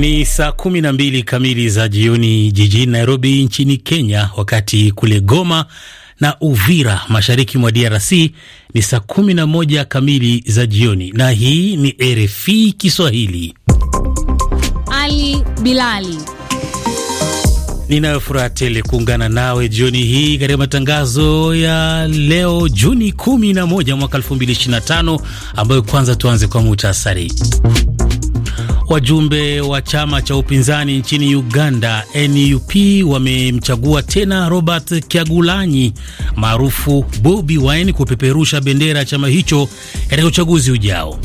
Ni saa kumi na mbili kamili za jioni jijini Nairobi nchini Kenya, wakati kule Goma na Uvira mashariki mwa DRC ni saa kumi na moja kamili za jioni, na hii ni RFI Kiswahili. Ali Bilali ninayofuraha tele kuungana nawe jioni hii katika matangazo ya leo Juni 11 mwaka 2025, ambayo kwanza tuanze kwa muhtasari Wajumbe wa chama cha upinzani nchini Uganda NUP wamemchagua tena Robert Kyagulanyi maarufu Bobi Wine kupeperusha bendera ya chama hicho katika uchaguzi ujao.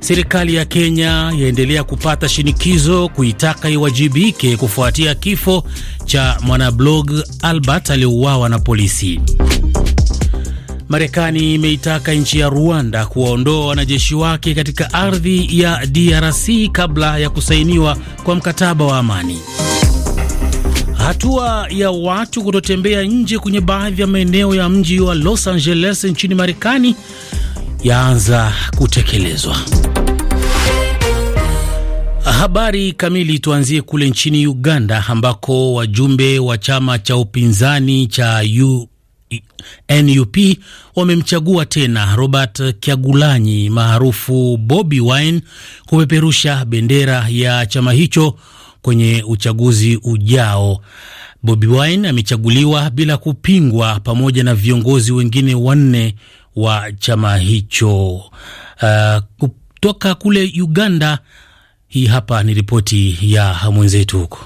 Serikali ya Kenya yaendelea kupata shinikizo kuitaka iwajibike kufuatia kifo cha mwanablog Albert aliyeuawa na polisi. Marekani imeitaka nchi ya Rwanda kuwaondoa wanajeshi wake katika ardhi ya DRC kabla ya kusainiwa kwa mkataba wa amani. Hatua ya watu kutotembea nje kwenye baadhi ya maeneo ya mji wa Los Angeles nchini Marekani yaanza kutekelezwa. Habari kamili, tuanzie kule nchini Uganda ambako wajumbe wa chama cha upinzani cha U NUP wamemchagua tena Robert Kyagulanyi maarufu Bobi Wine kupeperusha bendera ya chama hicho kwenye uchaguzi ujao. Bobi Wine amechaguliwa bila kupingwa pamoja na viongozi wengine wanne wa chama hicho. Uh, kutoka kule Uganda, hii hapa ni ripoti ya mwenzetu huko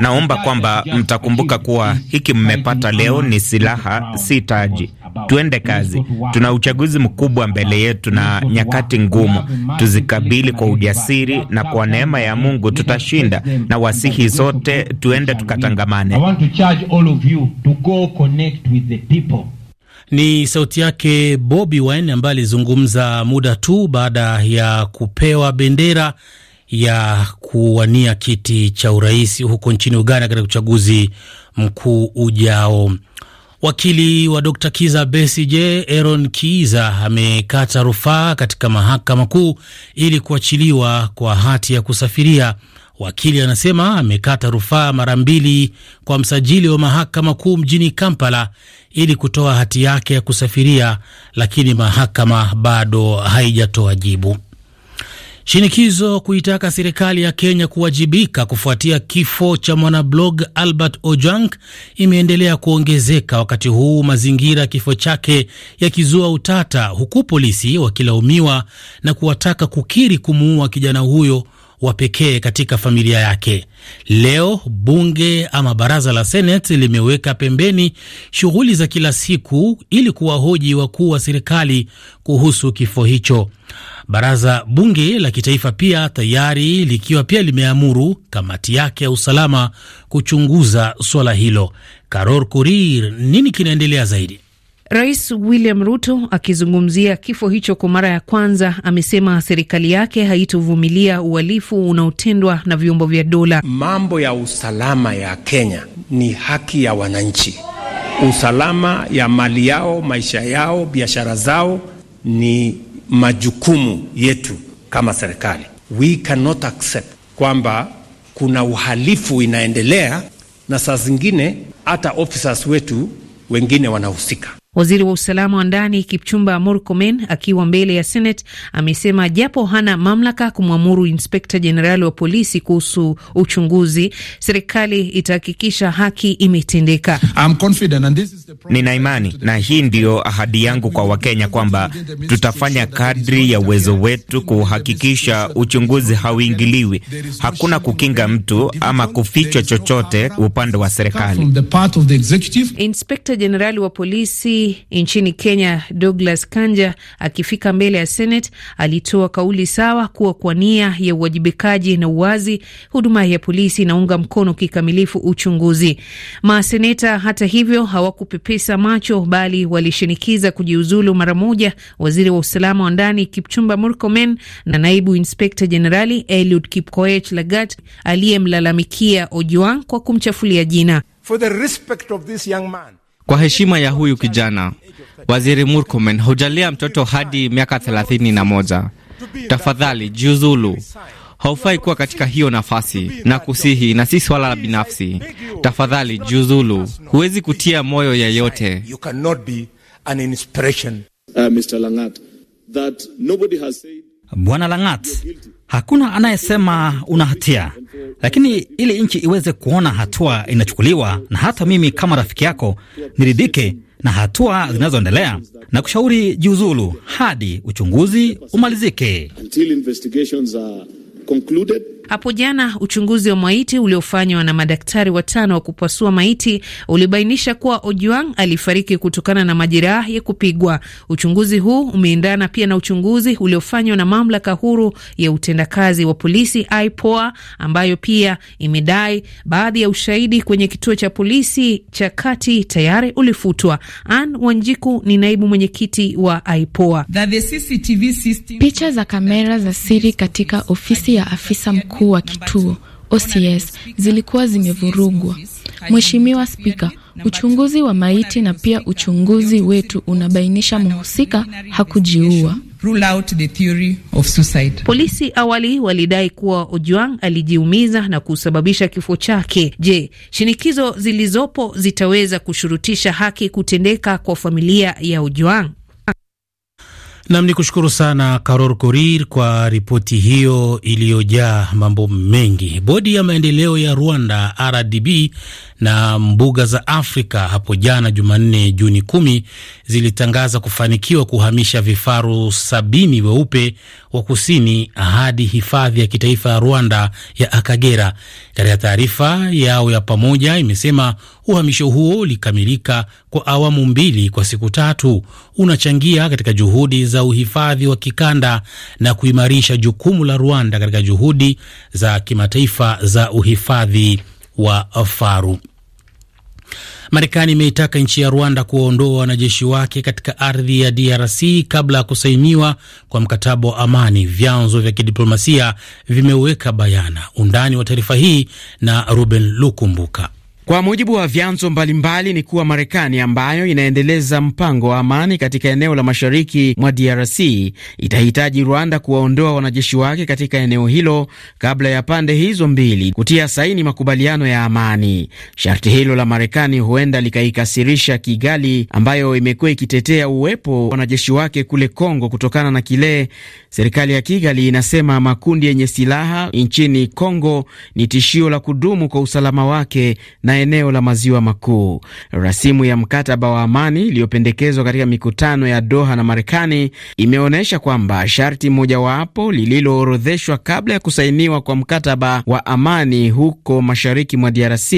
Naomba kwamba mtakumbuka kuwa hiki mmepata leo ni silaha, si taji. Tuende kazi, tuna uchaguzi mkubwa mbele yetu na nyakati ngumu, tuzikabili kwa ujasiri, na kwa neema ya Mungu tutashinda. Na wasihi zote, tuende tukatangamane. Ni sauti yake Bobi Wine ambaye alizungumza muda tu baada ya kupewa bendera ya kuwania kiti cha urais huko nchini Uganda katika uchaguzi mkuu ujao. Wakili wa Dr Kiza Besigye, Aaron Kiza, amekata rufaa katika mahakama kuu ili kuachiliwa kwa hati ya kusafiria. Wakili anasema amekata rufaa mara mbili kwa msajili wa mahakama kuu mjini Kampala ili kutoa hati yake ya kusafiria, lakini mahakama bado haijatoa jibu. Shinikizo kuitaka serikali ya Kenya kuwajibika kufuatia kifo cha mwanablog Albert Ojwang imeendelea kuongezeka, wakati huu mazingira ya kifo chake yakizua utata, huku polisi wakilaumiwa na kuwataka kukiri kumuua kijana huyo wa pekee katika familia yake. Leo bunge ama baraza la Seneti limeweka pembeni shughuli za kila siku ili kuwahoji wakuu wa serikali kuhusu kifo hicho. Baraza bunge la kitaifa pia tayari likiwa pia limeamuru kamati yake ya usalama kuchunguza suala hilo. Karor Kurir, nini kinaendelea zaidi? Rais William Ruto akizungumzia kifo hicho kwa mara ya kwanza amesema serikali yake haitovumilia uhalifu unaotendwa na vyombo vya dola. Mambo ya usalama ya Kenya ni haki ya wananchi. Usalama ya mali yao, maisha yao, biashara zao ni majukumu yetu kama serikali. We cannot accept kwamba kuna uhalifu inaendelea na saa zingine hata officers wetu wengine wanahusika. Waziri wa usalama wa ndani Kipchumba Murkomen akiwa mbele ya Senate amesema japo hana mamlaka kumwamuru inspekta jenerali wa polisi kuhusu uchunguzi, serikali itahakikisha haki imetendeka. Nina imani na hii ndiyo ahadi yangu kwa Wakenya kwamba tutafanya kadri ya uwezo wetu kuhakikisha uchunguzi hauingiliwi. Hakuna kukinga mtu ama kufichwa chochote upande wa serikali. Inspekta jenerali wa polisi nchini Kenya, Douglas Kanja akifika mbele ya Senate alitoa kauli sawa kuwa kwa nia ya uwajibikaji na uwazi, huduma ya polisi inaunga mkono kikamilifu uchunguzi. Maseneta hata hivyo hawakupepesa macho, bali walishinikiza kujiuzulu mara moja waziri wa usalama wa ndani Kipchumba Murkomen na naibu inspekta jenerali Eliud Kipkoech Lagat aliyemlalamikia ojuan kwa kumchafulia jina. For the respect of this young man. Kwa heshima ya huyu kijana Waziri Murkomen, hujalia mtoto hadi miaka thelathini na moja. Tafadhali jiuzulu, haufai kuwa katika hiyo nafasi. Na kusihi, na si swala la binafsi. Tafadhali jiuzulu, huwezi kutia moyo yeyote. Uh, Bwana Langat, Hakuna anayesema una hatia, lakini ili nchi iweze kuona hatua inachukuliwa, na hata mimi kama rafiki yako niridhike na hatua zinazoendelea, na kushauri jiuzulu hadi uchunguzi umalizike. Until hapo jana uchunguzi wa maiti uliofanywa na madaktari watano wa kupasua maiti ulibainisha kuwa Ojuang alifariki kutokana na majeraha ya kupigwa. Uchunguzi huu umeendana pia na uchunguzi uliofanywa na mamlaka huru ya utendakazi wa polisi IPOA, ambayo pia imedai baadhi ya ushahidi kwenye kituo cha polisi cha kati tayari ulifutwa. Ann Wanjiku ni naibu mwenyekiti wa IPOA. Picha za kamera za siri katika ofisi ya afisa mkuu mkuu wa kituo OCS zilikuwa zimevurugwa. Mheshimiwa Spika, uchunguzi wa maiti na pia uchunguzi wetu unabainisha mhusika hakujiua. Polisi awali walidai kuwa ojuang alijiumiza na kusababisha kifo chake. Je, shinikizo zilizopo zitaweza kushurutisha haki kutendeka kwa familia ya ojuang Nam, ni kushukuru sana Karor Korir kwa ripoti hiyo iliyojaa mambo mengi. Bodi ya maendeleo ya Rwanda, RDB, na mbuga za Afrika hapo jana Jumanne, Juni kumi, zilitangaza kufanikiwa kuhamisha vifaru sabini weupe wa kusini hadi hifadhi ya kitaifa ya Rwanda ya Akagera. Katika taarifa yao ya pamoja imesema uhamisho huo ulikamilika kwa awamu mbili kwa siku tatu, unachangia katika juhudi za uhifadhi wa kikanda na kuimarisha jukumu la Rwanda katika juhudi za kimataifa za uhifadhi wa faru. Marekani imeitaka nchi ya Rwanda kuwaondoa wanajeshi wake katika ardhi ya DRC kabla ya kusainiwa kwa mkataba wa amani, vyanzo vya kidiplomasia vimeweka bayana. Undani wa taarifa hii na Ruben Lukumbuka. Kwa mujibu wa vyanzo mbalimbali ni kuwa Marekani ambayo inaendeleza mpango wa amani katika eneo la mashariki mwa DRC itahitaji Rwanda kuwaondoa wanajeshi wake katika eneo hilo kabla ya pande hizo mbili kutia saini makubaliano ya amani. Sharti hilo la Marekani huenda likaikasirisha Kigali ambayo imekuwa ikitetea uwepo wa wanajeshi wake kule Kongo kutokana na kile serikali ya Kigali inasema makundi yenye silaha nchini Kongo ni tishio la kudumu kwa usalama wake na eneo la maziwa makuu. Rasimu ya mkataba wa amani iliyopendekezwa katika mikutano ya Doha na Marekani imeonyesha kwamba sharti mojawapo lililoorodheshwa kabla ya kusainiwa kwa mkataba wa amani huko mashariki mwa DRC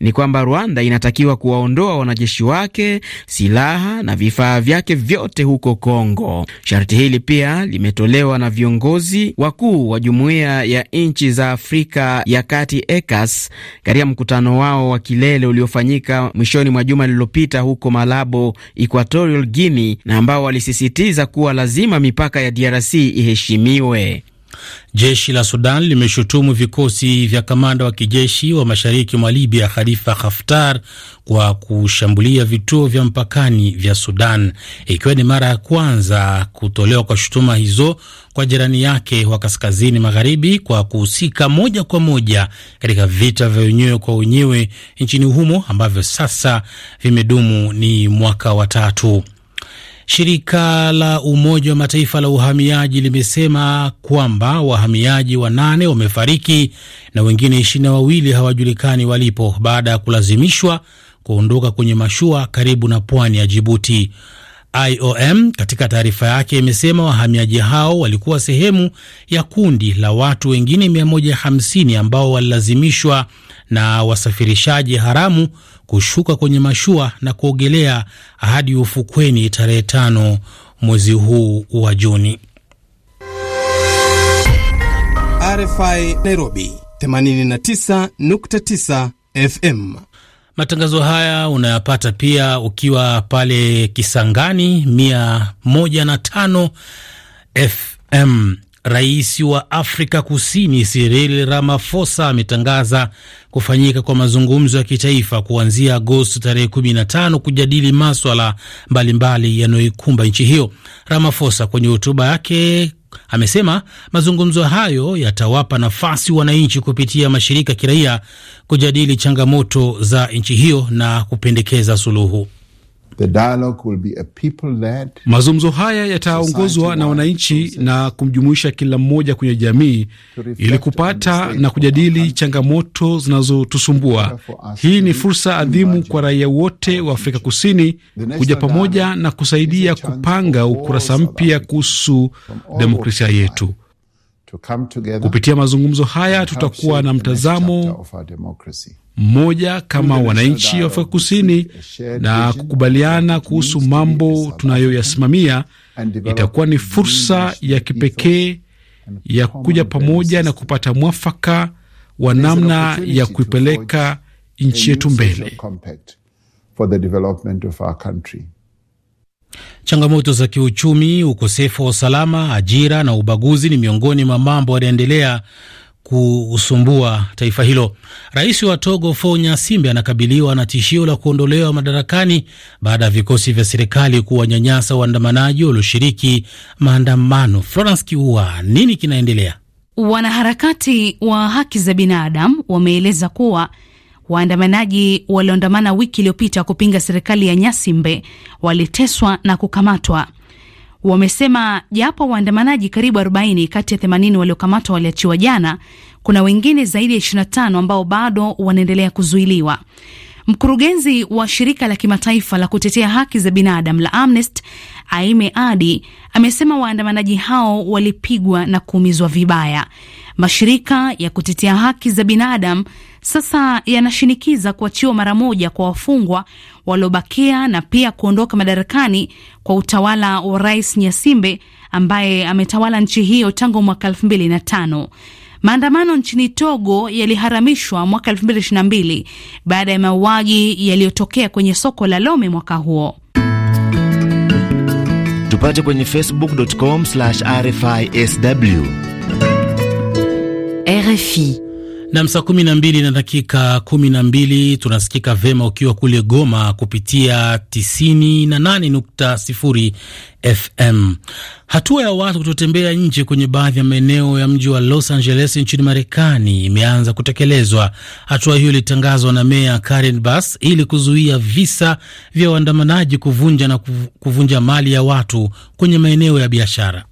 ni kwamba Rwanda inatakiwa kuwaondoa wanajeshi wake, silaha na vifaa vyake vyote huko Kongo. Sharti hili pia limetolewa na viongozi wakuu wa jumuiya ya nchi za Afrika ya Kati ECAS katika mkutano wao wa kilele uliofanyika mwishoni mwa juma lililopita huko Malabo, Equatorial Guinea, na ambao walisisitiza kuwa lazima mipaka ya DRC iheshimiwe. Jeshi la Sudan limeshutumu vikosi vya kamanda wa kijeshi wa mashariki mwa Libya Khalifa Haftar kwa kushambulia vituo vya mpakani vya Sudan, ikiwa ni mara ya kwanza kutolewa kwa shutuma hizo kwa jirani yake wa kaskazini magharibi kwa kuhusika moja kwa moja katika vita vya wenyewe kwa wenyewe nchini humo ambavyo sasa vimedumu ni mwaka wa tatu. Shirika la Umoja wa Mataifa la uhamiaji limesema kwamba wahamiaji wanane wamefariki na wengine ishirini na wawili hawajulikani walipo baada ya kulazimishwa kuondoka kwenye mashua karibu na pwani ya Jibuti. IOM katika taarifa yake imesema wahamiaji hao walikuwa sehemu ya kundi la watu wengine 150 ambao walilazimishwa na wasafirishaji haramu kushuka kwenye mashua na kuogelea hadi ufukweni tarehe tano mwezi huu wa Juni. RFI Nairobi 89.9 FM. Matangazo haya unayapata pia ukiwa pale Kisangani 105 FM. Rais wa Afrika Kusini Cyril Ramaphosa ametangaza kufanyika kwa mazungumzo ya kitaifa kuanzia Agosti tarehe 15 kujadili maswala mbalimbali yanayoikumba nchi hiyo. Ramaphosa kwenye hotuba yake amesema mazungumzo hayo yatawapa nafasi wananchi kupitia mashirika kiraia kujadili changamoto za nchi hiyo na kupendekeza suluhu. Mazungumzo haya yataongozwa na wananchi na kumjumuisha kila mmoja kwenye jamii ili kupata na kujadili changamoto zinazotusumbua. Hii ni fursa adhimu kwa raia wote wa Afrika Kusini kuja pamoja na kusaidia kupanga ukurasa mpya kuhusu demokrasia yetu. Kupitia mazungumzo haya tutakuwa na mtazamo mmoja kama wananchi wa Afrika Kusini eh, na kukubaliana kuhusu mambo tunayoyasimamia, itakuwa ni fursa ya kipekee ya kuja pamoja na kupata mwafaka wa namna ya kuipeleka nchi yetu mbele. Changamoto za kiuchumi, ukosefu wa usalama, ajira na ubaguzi ni miongoni mwa mambo yanaendelea kusumbua taifa hilo. Rais wa Togo Faure nyasimbe anakabiliwa na tishio la kuondolewa madarakani baada ya vikosi vya serikali kuwanyanyasa waandamanaji walioshiriki maandamano. Florence Kiua, nini kinaendelea? Wanaharakati wa haki za binadamu wameeleza kuwa waandamanaji walioandamana wiki iliyopita kupinga serikali ya Nyasimbe waliteswa na kukamatwa wamesema japo waandamanaji karibu 40 kati ya 80 waliokamatwa waliachiwa jana, kuna wengine zaidi ya 25 ambao bado wanaendelea kuzuiliwa. Mkurugenzi wa shirika la kimataifa la kutetea haki za binadamu la Amnesty Aime Adi amesema waandamanaji hao walipigwa na kuumizwa vibaya. Mashirika ya kutetea haki za binadamu sasa yanashinikiza kuachiwa mara moja kwa wafungwa waliobakia na pia kuondoka madarakani kwa utawala wa Rais Nyasimbe ambaye ametawala nchi hiyo tangu mwaka tano. Maandamano nchini Togo yaliharamishwa mwaka mbili baada ya mauaji yaliyotokea kwenye soko la Lome mwaka huo. Tupate kwenye facebook.com/rfisw. RFI Nam, saa kumi na mbili na dakika kumi na mbili tunasikika vema ukiwa kule Goma kupitia tisini na nane nukta sifuri FM. Hatua ya watu kutotembea nje kwenye baadhi ya maeneo ya mji wa Los Angeles nchini Marekani imeanza kutekelezwa. Hatua hiyo ilitangazwa na meya Karen Bass ili kuzuia visa vya waandamanaji kuvunja na kuvunja mali ya watu kwenye maeneo ya biashara.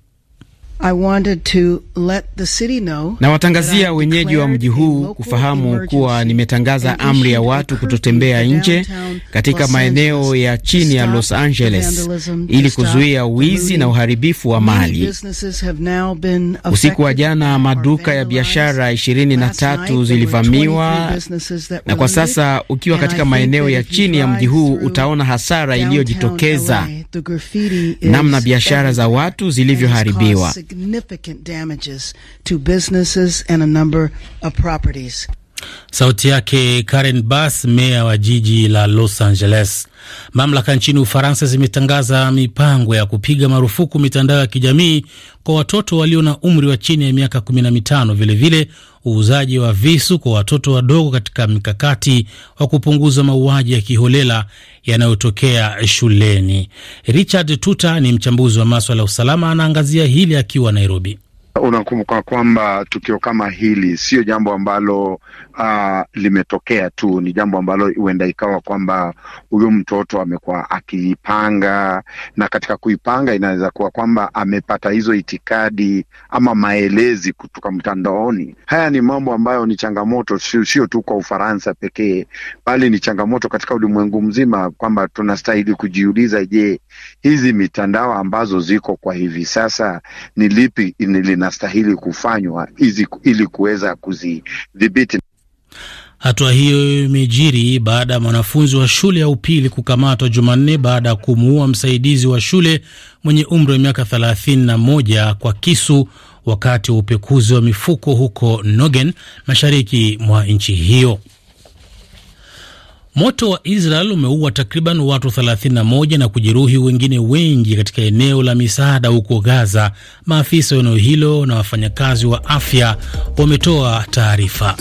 I wanted to let the city know, na watangazia wenyeji wa mji huu kufahamu kuwa nimetangaza amri ya watu kutotembea nje katika maeneo ya chini ya Los Angeles ili kuzuia wizi na uharibifu wa mali. Usiku wa jana maduka ya biashara 23 zilivamiwa, na kwa sasa ukiwa katika maeneo ya chini ya mji huu utaona hasara iliyojitokeza namna biashara za watu zilivyoharibiwa. Sauti yake Karen Bass, meya wa jiji la Los Angeles. Mamlaka nchini Ufaransa zimetangaza mipango ya kupiga marufuku mitandao ya kijamii kwa watoto walio na umri wa chini ya miaka 15, vilevile uuzaji wa visu kwa watoto wadogo katika mkakati wa kupunguza mauaji ya kiholela yanayotokea shuleni. Richard Tuta ni mchambuzi wa maswala ya usalama, anaangazia hili akiwa Nairobi. Unakumbuka kwamba tukio kama hili sio jambo ambalo uh, limetokea tu, ni jambo ambalo huenda ikawa kwamba huyu mtoto amekuwa akiipanga, na katika kuipanga inaweza kuwa kwamba amepata hizo itikadi ama maelezi kutoka mtandaoni. Haya ni mambo ambayo ni changamoto, sio tu kwa Ufaransa pekee, bali ni changamoto katika ulimwengu mzima, kwamba tunastahili kujiuliza, je, hizi mitandao ambazo ziko kwa hivi sasa ni lipi inili zinastahili kufanywa izi, ili kuweza kuzidhibiti. Hatua hiyo imejiri baada ya mwanafunzi wa shule ya upili kukamatwa Jumanne baada ya kumuua msaidizi wa shule mwenye umri wa miaka 31 kwa kisu wakati wa upekuzi wa mifuko huko Nogen, mashariki mwa nchi hiyo. Moto wa Israel umeua takriban watu 31 na kujeruhi wengine wengi katika eneo la misaada huko Gaza. Maafisa wa eneo hilo na wafanyakazi wa afya wametoa taarifa.